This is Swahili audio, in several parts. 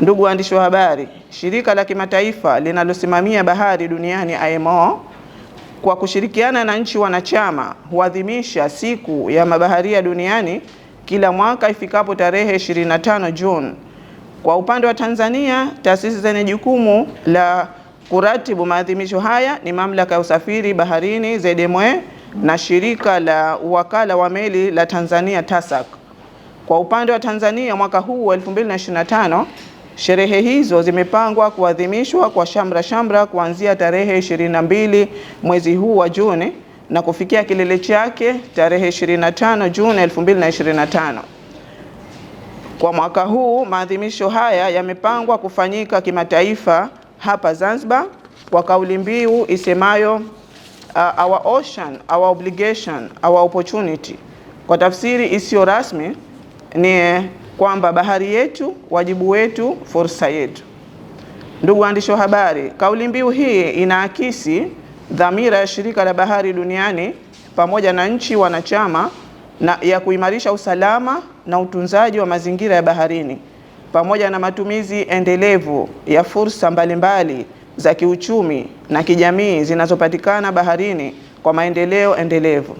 Ndugu waandishi wa habari, shirika la kimataifa linalosimamia bahari duniani IMO kwa kushirikiana na nchi wanachama huadhimisha siku ya mabaharia duniani kila mwaka ifikapo tarehe 25 Juni. Kwa upande wa Tanzania, taasisi zenye jukumu la kuratibu maadhimisho haya ni Mamlaka ya Usafiri Baharini ZMW na Shirika la Uwakala wa Meli la Tanzania TASAC. Kwa upande wa Tanzania, mwaka huu 2025 Sherehe hizo zimepangwa kuadhimishwa kwa shamra shamra kuanzia tarehe 22 mwezi huu wa Juni na kufikia kilele chake tarehe 25 Juni 2025. Kwa mwaka huu maadhimisho haya yamepangwa kufanyika kimataifa hapa Zanzibar kwa kauli mbiu isemayo uh, our ocean, our obligation, our opportunity. Kwa tafsiri isiyo rasmi ni kwamba bahari yetu, wajibu wetu, fursa yetu. Ndugu waandishi wa habari, kauli mbiu hii inaakisi dhamira ya shirika la bahari duniani pamoja na nchi wanachama na ya kuimarisha usalama na utunzaji wa mazingira ya baharini pamoja na matumizi endelevu ya fursa mbalimbali mbali za kiuchumi na kijamii zinazopatikana baharini kwa maendeleo endelevu.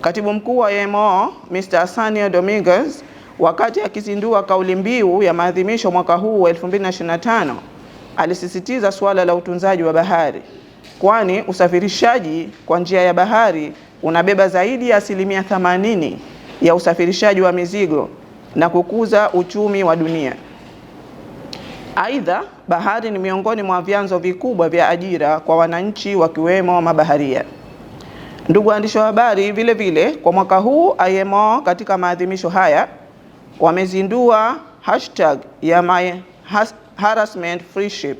Katibu Mkuu wa IMO Mr. Arsenio Dominguez Wakati akizindua kauli mbiu ya maadhimisho mwaka huu wa 2025 alisisitiza suala la utunzaji wa bahari, kwani usafirishaji kwa njia ya bahari unabeba zaidi ya asilimia 80 ya usafirishaji wa mizigo na kukuza uchumi wa dunia. Aidha, bahari ni miongoni mwa vyanzo vikubwa vya ajira kwa wananchi wakiwemo mabaharia. Ndugu waandishi wa habari, vile vile kwa mwaka huu IMO katika maadhimisho haya wamezindua hashtag ya my harassment friendship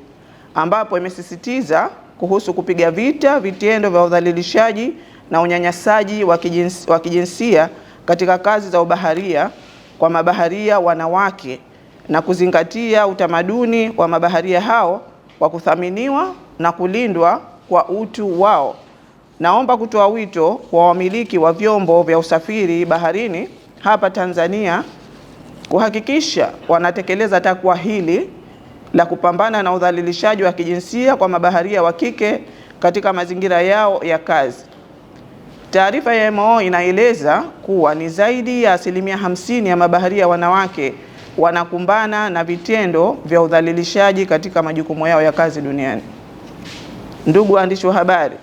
ambapo imesisitiza kuhusu kupiga vita vitendo vya udhalilishaji na unyanyasaji wa wa kijinsia katika kazi za ubaharia kwa mabaharia wanawake na kuzingatia utamaduni wa mabaharia hao wa kuthaminiwa na kulindwa kwa utu wao. Naomba kutoa wito kwa wamiliki wa vyombo vya usafiri baharini hapa Tanzania kuhakikisha wanatekeleza takwa hili la kupambana na udhalilishaji wa kijinsia kwa mabaharia wa kike katika mazingira yao ya kazi. Taarifa ya MO inaeleza kuwa ni zaidi ya asilimia hamsini ya mabaharia wanawake wanakumbana na vitendo vya udhalilishaji katika majukumu yao ya kazi duniani. Ndugu waandishi wa habari,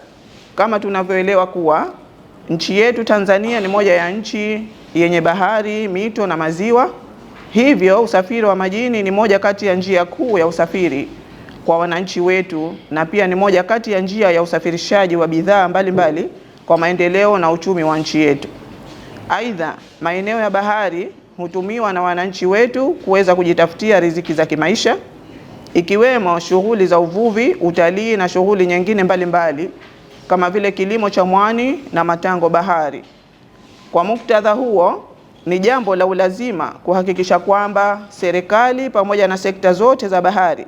kama tunavyoelewa kuwa nchi yetu Tanzania ni moja ya nchi yenye bahari, mito na maziwa Hivyo usafiri wa majini ni moja kati ya njia kuu ya usafiri kwa wananchi wetu na pia ni moja kati ya njia ya usafirishaji wa bidhaa mbalimbali kwa maendeleo na uchumi wa nchi yetu. Aidha, maeneo ya bahari hutumiwa na wananchi wetu kuweza kujitafutia riziki za kimaisha ikiwemo shughuli za uvuvi, utalii na shughuli nyingine mbalimbali mbali, kama vile kilimo cha mwani na matango bahari. Kwa muktadha huo ni jambo la ulazima kuhakikisha kwamba serikali pamoja na sekta zote za bahari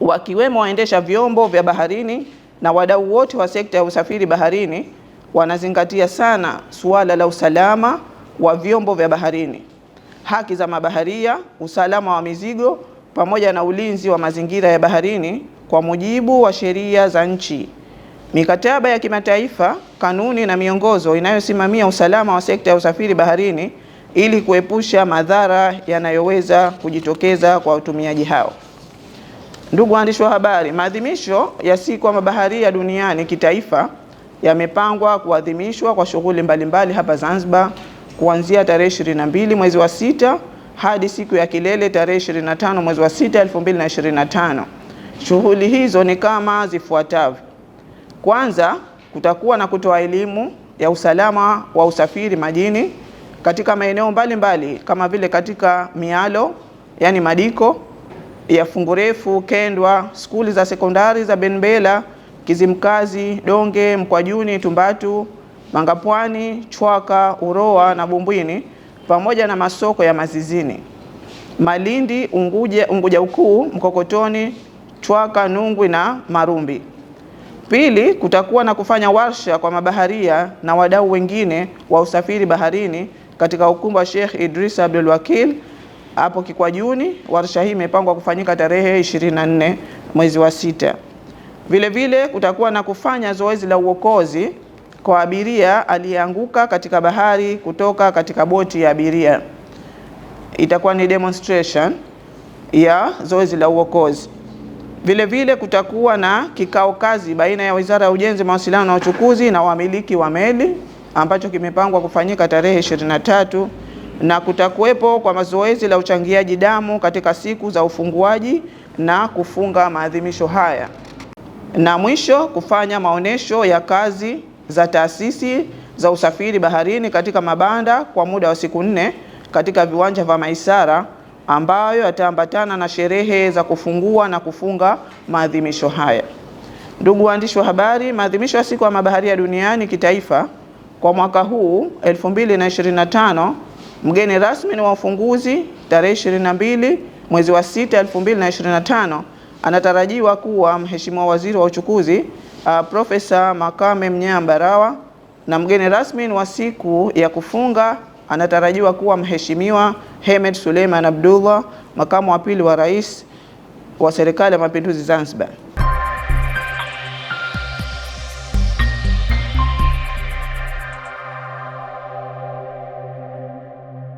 wakiwemo waendesha vyombo vya baharini na wadau wote wa sekta ya usafiri baharini wanazingatia sana suala la usalama wa vyombo vya baharini, haki za mabaharia, usalama wa mizigo pamoja na ulinzi wa mazingira ya baharini kwa mujibu wa sheria za nchi. Mikataba ya kimataifa, kanuni na miongozo inayosimamia usalama wa sekta ya usafiri baharini ili kuepusha madhara yanayoweza kujitokeza kwa watumiaji hao. Ndugu waandishi wa habari, maadhimisho ya siku ya mabaharia duniani kitaifa yamepangwa kuadhimishwa kwa shughuli mbalimbali hapa Zanzibar kuanzia tarehe 22 mwezi wa sita hadi siku ya kilele tarehe 25 mwezi wa sita 2025. Shughuli hizo ni kama zifuatavyo: kwanza, kutakuwa na kutoa elimu ya usalama wa usafiri majini katika maeneo mbalimbali kama vile katika mialo, yani madiko ya Fungurefu, Kendwa, skuli za sekondari za Benbela, Kizimkazi, Donge, Mkwajuni, Tumbatu, Mangapwani, Chwaka, Uroa na Bumbwini pamoja na masoko ya Mazizini, Malindi, Unguja, Unguja Ukuu, Mkokotoni, Chwaka, Nungwi na Marumbi. Pili, kutakuwa na kufanya warsha kwa mabaharia na wadau wengine wa usafiri baharini katika ukumbi wa Sheikh Idris Abdul Wakil hapo Kikwajuni. Warsha hii imepangwa kufanyika tarehe 24 mwezi wa sita. Vile vile kutakuwa na kufanya zoezi la uokozi kwa abiria aliyeanguka katika bahari kutoka katika boti ya abiria. Itakuwa ni demonstration ya zoezi la uokozi. Vile vile kutakuwa na kikao kazi baina ya Wizara ya Ujenzi, Mawasiliano na Uchukuzi na wamiliki wa meli ambacho kimepangwa kufanyika tarehe 23 na kutakuwepo kwa mazoezi la uchangiaji damu katika siku za ufunguaji na kufunga maadhimisho haya, na mwisho kufanya maonesho ya kazi za taasisi za usafiri baharini katika mabanda kwa muda wa siku nne katika viwanja vya Maisara ambayo yataambatana na sherehe za kufungua na kufunga maadhimisho haya. Ndugu waandishi wa habari, maadhimisho ya siku ya mabaharia duniani kitaifa kwa mwaka huu 2025, mgeni rasmi ni wa ufunguzi tarehe 22 mwezi wa 6 2025, anatarajiwa kuwa Mheshimiwa Waziri wa Uchukuzi uh, Profesa Makame Mnyambarawa, na mgeni rasmi ni wa siku ya kufunga anatarajiwa kuwa Mheshimiwa Hemed Suleiman Abdullah, makamu wa pili wa rais wa serikali ya mapinduzi Zanzibar.